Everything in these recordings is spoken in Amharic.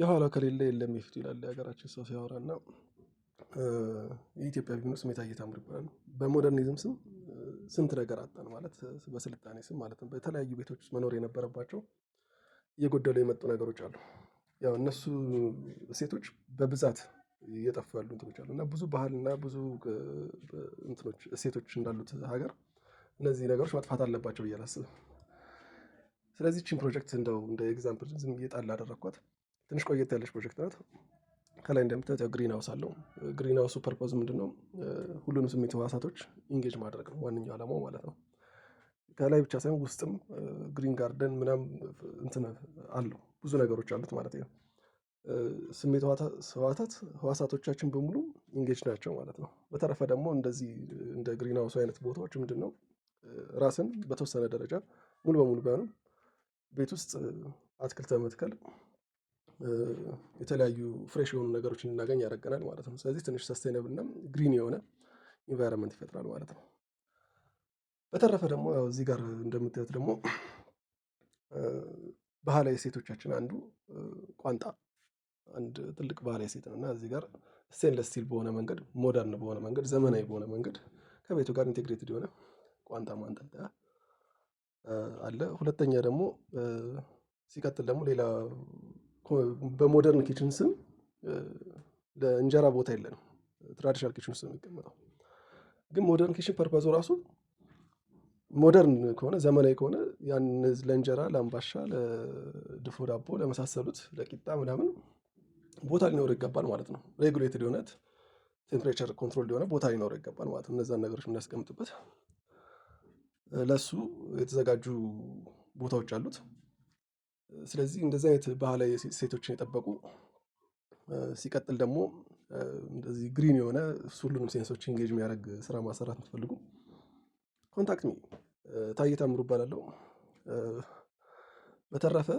የኋላ ከሌለ የለም የፊቱ ይላል የሀገራችን ሰው ሲያወራ እና የኢትዮጵያ ቢሆን ስሜታ እየታምር ይባላል። በሞደርኒዝም ስም ስንት ነገር አጣን ማለት በስልጣኔ ስም ማለት በተለያዩ ቤቶች ውስጥ መኖር የነበረባቸው እየጎደሉ የመጡ ነገሮች አሉ። ያው እነሱ ሴቶች በብዛት እየጠፉ ያሉ እንትኖች አሉ እና ብዙ ባህልና ብዙ እንትኖች እሴቶች እንዳሉት ሀገር እነዚህ ነገሮች መጥፋት አለባቸው እያላስብ ስለዚህ ችን ፕሮጀክት እንደው እንደ ኤግዛምፕል ዝም እየጣል አደረግኳት። ትንሽ ቆየት ያለች ፕሮጀክት ናት። ከላይ እንደምታዩት ያው ግሪን ሀውስ አለው። ግሪን ሀውሱ ፐርፖዝ ምንድን ነው? ሁሉንም ስሜት ህዋሳቶች ኢንጌጅ ማድረግ ነው ዋነኛው አላማው ማለት ነው። ከላይ ብቻ ሳይሆን ውስጥም ግሪን ጋርደን ምናም እንትን አለው ብዙ ነገሮች አሉት ማለት ነው። ስሜት ህዋሳት ህዋሳቶቻችን በሙሉ ኢንጌጅ ናቸው ማለት ነው። በተረፈ ደግሞ እንደዚህ እንደ ግሪን ሀውሱ አይነት ቦታዎች ምንድን ነው ራስን በተወሰነ ደረጃ ሙሉ በሙሉ ቢሆንም ቤት ውስጥ አትክልት በመትከል የተለያዩ ፍሬሽ የሆኑ ነገሮችን እንድናገኝ ያደርገናል ማለት ነው። ስለዚህ ትንሽ ሰስቴነብል እና ግሪን የሆነ ኢንቫይሮንመንት ይፈጥራል ማለት ነው። በተረፈ ደግሞ ያው እዚህ ጋር እንደምታዩት ደግሞ ባህላዊ ሴቶቻችን አንዱ ቋንጣ አንድ ትልቅ ባህላዊ ሴት ነው እና እዚህ ጋር ስቴንለስ ስቲል በሆነ መንገድ ሞደርን በሆነ መንገድ ዘመናዊ በሆነ መንገድ ከቤቱ ጋር ኢንቴግሬትድ የሆነ ቋንጣ ማንጠልጠያ አለ። ሁለተኛ ደግሞ ሲቀጥል ደግሞ ሌላ በሞደርን ኪችን ስም ለእንጀራ ቦታ የለን ትራዲሽናል ኪችን ስም የሚቀመጠው ግን ሞደርን ኪችን ፐርፐዙ ራሱ ሞደርን ከሆነ ዘመናዊ ከሆነ ያን ለእንጀራ፣ ለአንባሻ ለድፎ ዳቦ ለመሳሰሉት ለቂጣ ምናምን ቦታ ሊኖር ይገባል ማለት ነው። ሬጉሌትድ የሆነት ቴምፕሬቸር ኮንትሮል የሆነ ቦታ ሊኖር ይገባል ማለት ነው። እነዛን ነገሮች የምናስቀምጥበት ለሱ የተዘጋጁ ቦታዎች አሉት። ስለዚህ እንደዚህ አይነት ባህላዊ ሴቶችን የጠበቁ ሲቀጥል ደግሞ እንደዚህ ግሪን የሆነ ሁሉንም ሴንሶች ኢንጌጅ የሚያደረግ ስራ ማሰራት የምትፈልጉ ኮንታክት ሚ ታዬ ታምሩ ይባላለው በተረፈ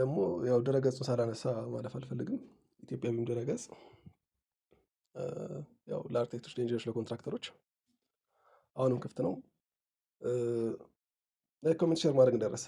ደግሞ ያው ድረገጹን ሳላነሳ ማለፍ አልፈልግም። ኢትዮጵያዊም ድረገጽ ያው ለአርክቴክቶች፣ ለኢንጂነሮች፣ ለኮንትራክተሮች አሁንም ክፍት ነው። ላይክ፣ ኮሜንት፣ ሼር ማድረግ እንዳይረሳ።